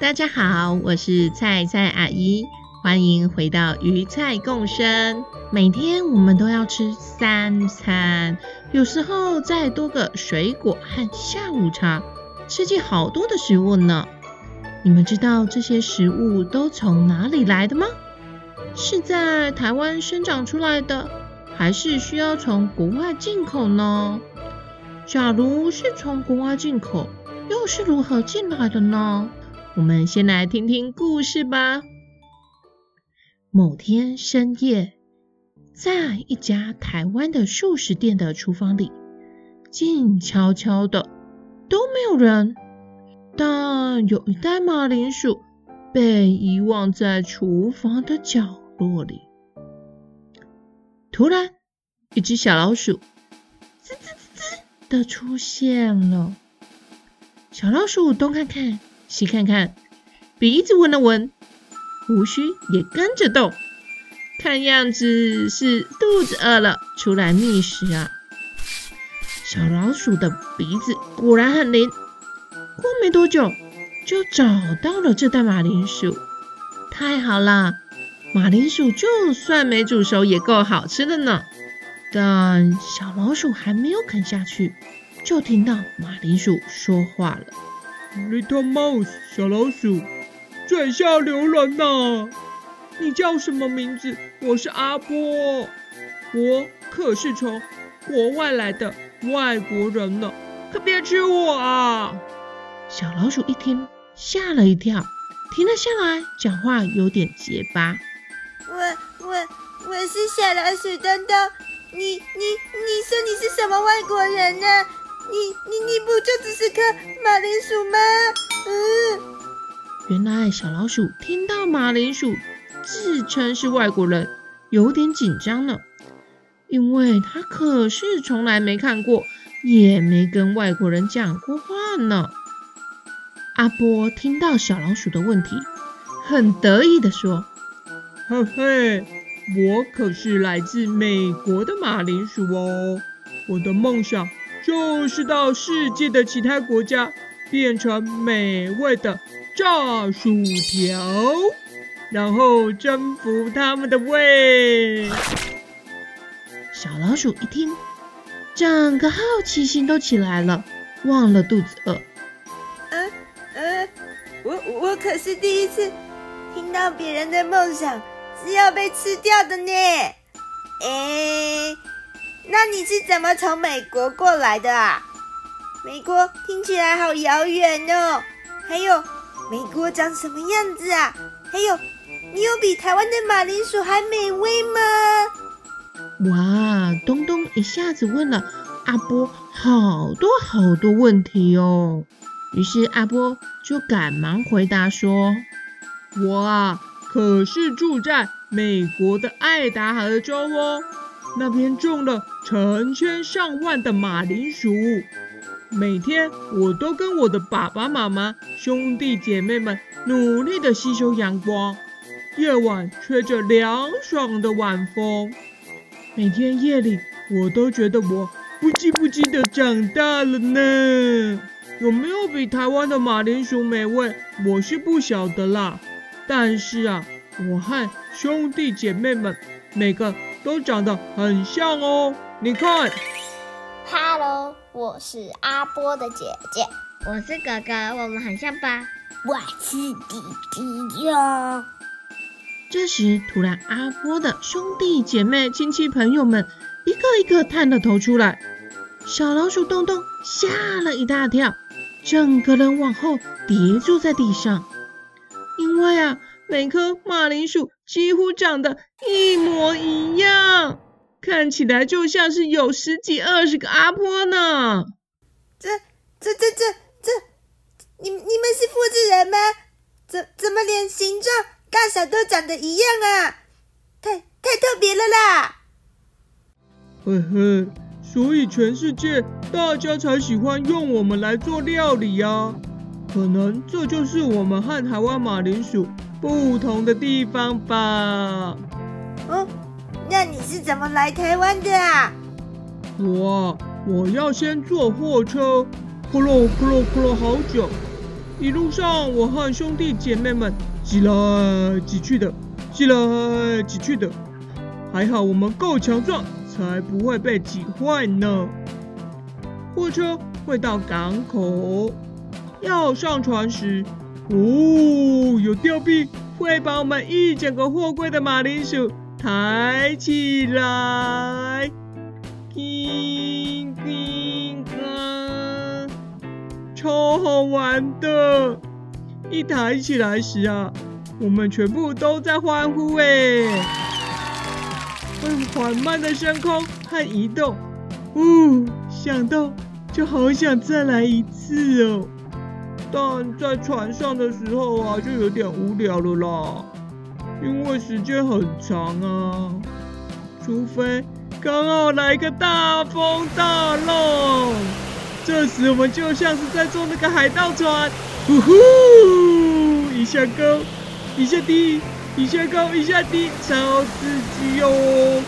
大家好，我是菜菜阿姨，歡迎回到魚菜共聲。每天我們都要吃三餐，有時候再多個水果和下午茶，吃進好多的食物呢。你們知道這些食物都從哪裡來的嗎？是在台灣生長出來的，還是需要從國外進口呢？假如是從國外進口，又是如何進來的呢？我們先來聽聽故事吧。某天深夜，在一家台灣的素食店的廚房裡，靜悄悄的，都沒有人，但有一袋馬鈴薯被遺忘在廚房的角落裡。突然，一隻小老鼠吱吱吱吱的出現了。小老鼠東看看。細看看，鼻子聞了聞，鬍鬚也跟着動，看樣子是肚子餓了，出來覓食啊。小老鼠的鼻子果然很靈，過沒多久就找到了這袋馬鈴薯。太好了，馬鈴薯就算沒煮熟也夠好吃的呢。但小老鼠還沒有啃下去，就聽到馬鈴薯說話了。Little Mouse，小老鼠，嘴下留人吶、啊！你叫什麼名字？我是阿波，我可是從國外來的外國人呢、啊，可別吃我啊！小老鼠一聽，嚇了一跳，停了下來，講話有點結巴。我我我是小老鼠咚咚，你你你說你是什麼外國人呢、啊？你你你不就只是顆馬鈴薯嗎？嗯，原來小老鼠聽到馬鈴薯自稱是外國人，有點緊張呢，因為他可是從來沒看過，也沒跟外國人講過話呢。阿波聽到小老鼠的問題，很得意的說：“嘿嘿，我可是來自美國的馬鈴薯哦，我的夢想。”就是到世界的其他國家，變成美味的炸薯條，然後征服他們的胃。小老鼠一聽，整個好奇心都起來了，忘了肚子餓。嗯嗯、呃呃，我我可是第一次聽到別人的夢想是要被吃掉的呢。哎、欸。那你是怎麼從美國過來的啊？美國聽起來好遙遠哦。還有，美國長什麼樣子啊？還有，你有比台灣的馬鈴薯還美味嗎？哇，東東一下子問了阿波好多好多問題哦。於是阿波就趕忙回答說：“我啊，可是住在美國的愛達荷州哦。”那邊種了成千上萬的馬鈴薯，每天我都跟我的爸爸媽媽、兄弟姐妹們努力的吸收陽光，夜晚吹着涼爽的晚風，每天夜裡我都覺得我不知不覺的長大了呢。有沒有比台灣的馬鈴薯美味，我是不曉得啦。但是啊，我和兄弟姐妹們每個。都長得很像哦，你看。Hello，我是阿波的姐姐，我是哥哥，我們很像吧？我是弟弟喲、哦。這時，突然，阿波的兄弟姐妹、親戚朋友們一個一個探了頭出來，小老鼠咚咚嚇了一大跳，整個人往後跌坐在地上，因為啊，每顆馬鈴薯幾乎長得。一模一樣，看起來就像是有十幾二十個阿波呢。這、這、這、這、這，你、你們是複製人嗎？怎、怎麼連形狀、大小都長得一樣啊？太、太特別了啦！嘿嘿，所以全世界大家才喜歡用我們來做料理呀、啊。可能這就是我們和台灣馬鈴薯不同的地方吧。嗯、哦，那你是怎麼來台灣的啊？我我要先坐貨車，咕嚕咕嚕咕嚕好久。一路上我和兄弟姐妹們擠來擠去的，擠來擠去的。還好我們夠強壯，才不會被擠壞呢。貨車會到港口，要上船時，哦，有吊臂會把我們一整個貨櫃的馬鈴薯，抬起來，金金哥超好玩的！一抬起來時啊，我們全部都在歡呼誒，還緩慢的升空和移動，嗚，想到就好想再來一次哦、喔。但在船上的時候啊，就有點無聊了啦。因為時間很長啊，除非剛好來個大風大浪，這時我們就像是在坐那個海盜船，呼呼，一下高，一下低，一下高，一下低，超刺激哦！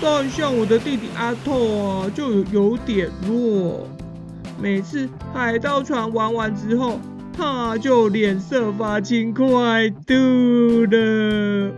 但像我的弟弟阿透啊，就有，有點弱，每次海盜船玩完之後。他，啊，就臉色發青，快吐了，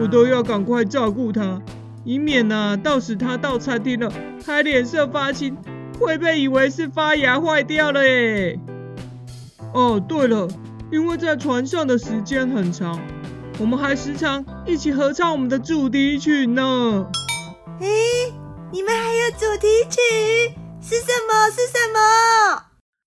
我都要趕快照顧他，以免啊，到時他到餐廳了，還臉色發青，會被以為是發芽壞掉了耶。哦，對了，因為在船上的時間很長，我們還時常一起合唱我們的主題曲呢。誒，你們還有主題曲是什麼？是什麼？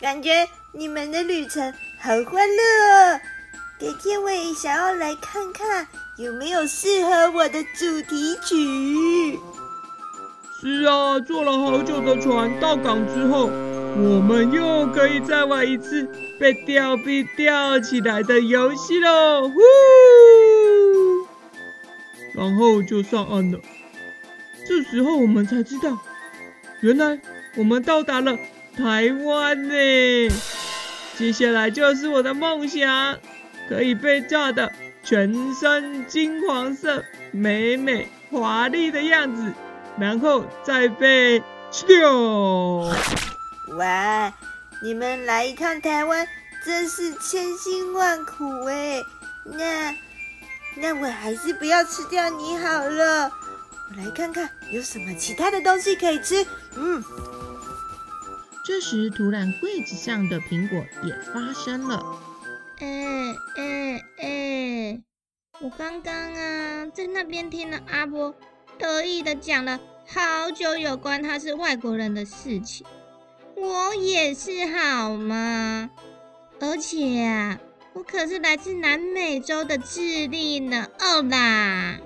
感覺你們的旅程很歡樂哦，改天我也想要來看看有沒有適合我的主題曲。是啊，坐了好久的船，到港之後，我們又可以再玩一次被吊臂吊起來的遊戲了。嗚。然後就上岸了。這時候我們才知道，原來我們到達了。台灣呢，接下來就是我的夢想，可以被炸得全身金黃色，美美華麗的樣子，然後再被吃掉。喂，你們來一趟台灣真是千辛萬苦哎，那那我還是不要吃掉你好了。我來看看有什麼其他的東西可以吃，嗯。這時，突然，櫃子上的蘋果也發聲了、欸。哎哎哎！我剛剛啊，在那邊聽了阿波得意地講了好久有關他是外國人的事情。我也是好嗎？而且、啊，我可是來自南美洲的智利呢。哦啦！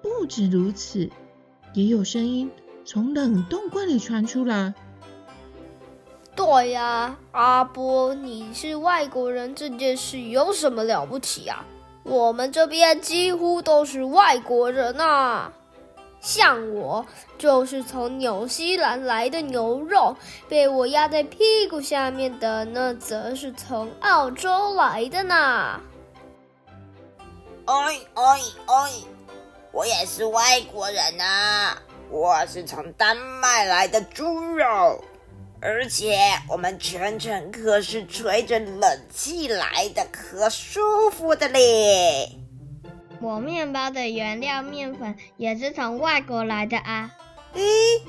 不止如此，也有聲音從冷凍櫃裡傳出來。我呀，oh、yeah，阿波，你是外國人這件事有什麼了不起呀、啊？我們這邊幾乎都是外國人吶、啊。像我就是從紐西蘭來的牛肉，被我壓在屁股下面的那則是從澳洲來的呢。哎哎哎，我也是外國人啊，我是從丹麥來的豬肉。而且我們全程可是吹着冷氣來的，可舒服的嘞。我麵包的原料麵粉也是從外國來的啊！誒，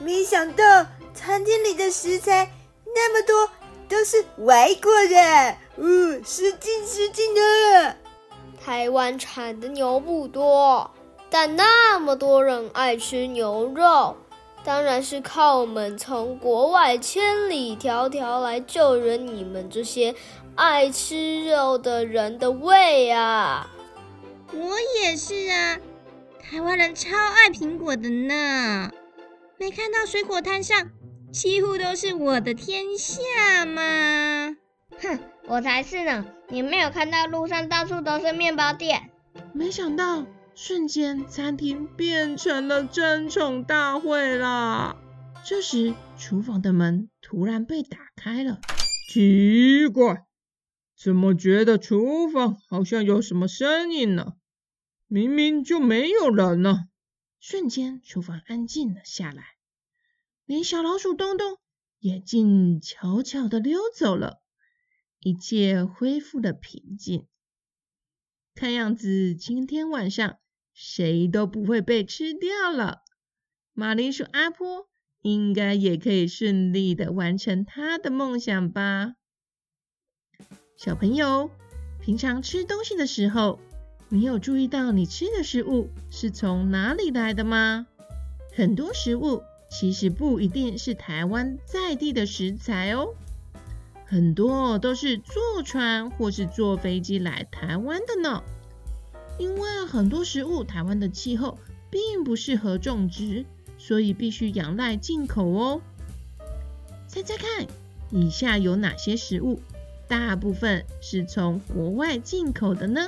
沒想到餐廳裡的食材那麼多都是外國人。嗯，使勁使勁的。台灣產的牛不多，但那麼多人愛吃牛肉。當然是靠我們從國外千里迢迢來救援你們這些愛吃肉的人的胃啊！我也是啊，台灣人超愛蘋果的呢，沒看到水果攤上幾乎都是我的天下嗎？哼，我才是呢！你沒有看到路上到處都是麵包店？沒想到。瞬間，餐廳變成了爭寵大會啦，這時，廚房的門突然被打開了。奇怪，怎麼覺得廚房好像有什麼聲音呢？明明就沒有人呢、啊。瞬間，廚房安靜了下來，連小老鼠東東也靜悄悄的溜走了。一切恢復了平靜。看樣子，今天晚上。誰都不會被吃掉了。馬鈴薯阿波應該也可以順利的完成他的夢想吧？小朋友，平常吃東西的時候，你有注意到你吃的食物是從哪裡來的嗎？很多食物其實不一定是台灣在地的食材哦，很多都是坐船或是坐飛機來台灣的呢。因為很多食物，台灣的氣候並不適合種植，所以必須仰賴進口哦、喔。猜猜看，以下有哪些食物大部分是從國外進口的呢？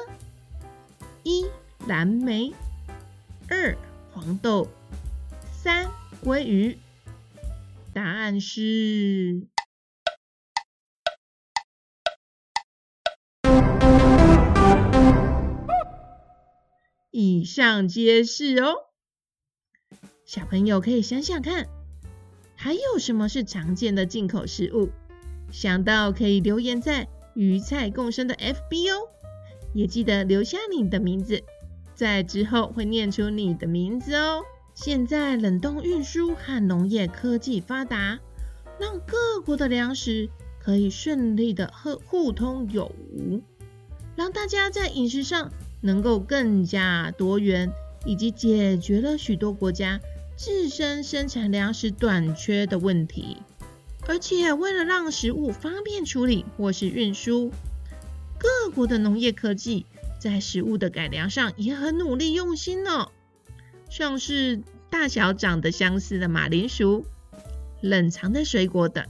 一藍莓，二黃豆，三鮭魚。答案是。以上皆是哦，小朋友可以想想看，還有什麼是常見的進口食物？想到可以留言在魚菜共聲的 FB 哦，也記得留下你的名字，在之後會念出你的名字哦。現在冷凍運輸和農業科技發達，讓各國的糧食可以順利的和互通有無，讓大家在飲食上。能夠更加多元，以及解決了許多國家自身生產糧食短缺的問題。而且為了讓食物方便處理或是運輸，各國的農業科技在食物的改良上也很努力用心哦。像是大小長得相似的馬鈴薯、冷藏的水果等。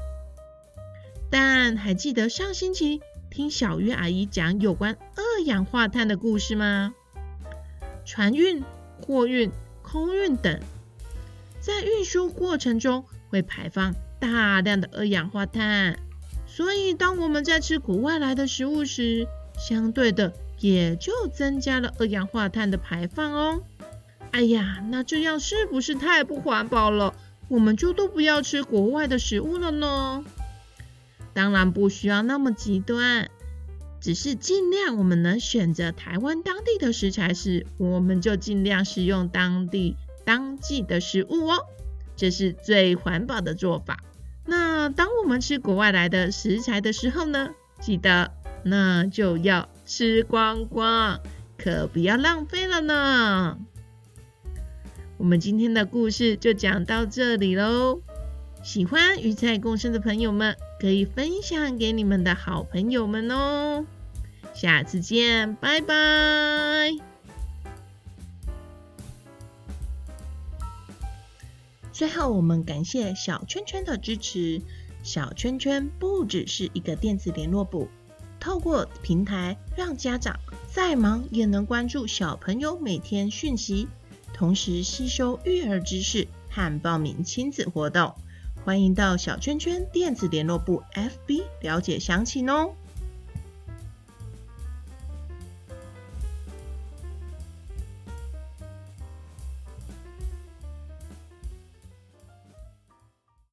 但還記得上星期聽小魚阿姨講有關。二氧化碳的故事嗎？船運、貨運、空運等，在運輸過程中會排放大量的二氧化碳。所以當我們在吃國外來的食物時，相對的也就增加了二氧化碳的排放哦。哎呀，那這樣是不是太不環保了？我們就都不要吃國外的食物了呢？當然不需要那麼極端。只是盡量，我們能選擇臺灣當地的食材時，我們就盡量使用當地當季的食物哦，這是最環保的做法。那當我們吃國外來的食材的時候呢？記得那就要吃光光，可不要浪費了呢。我們今天的故事就講到這裡嘍，喜歡魚菜共聲的朋友們，可以分享給你們的好朋友們哦！下次見，拜拜。最後，我們感謝小圈圈的支持。小圈圈不只是一個電子聯絡簿，透過平台讓家長再忙也能關注小朋友每天訊息，同時吸收育兒知識和報名親子活動。歡迎到小圈圈電子聯絡簿 FB 了解詳情哦。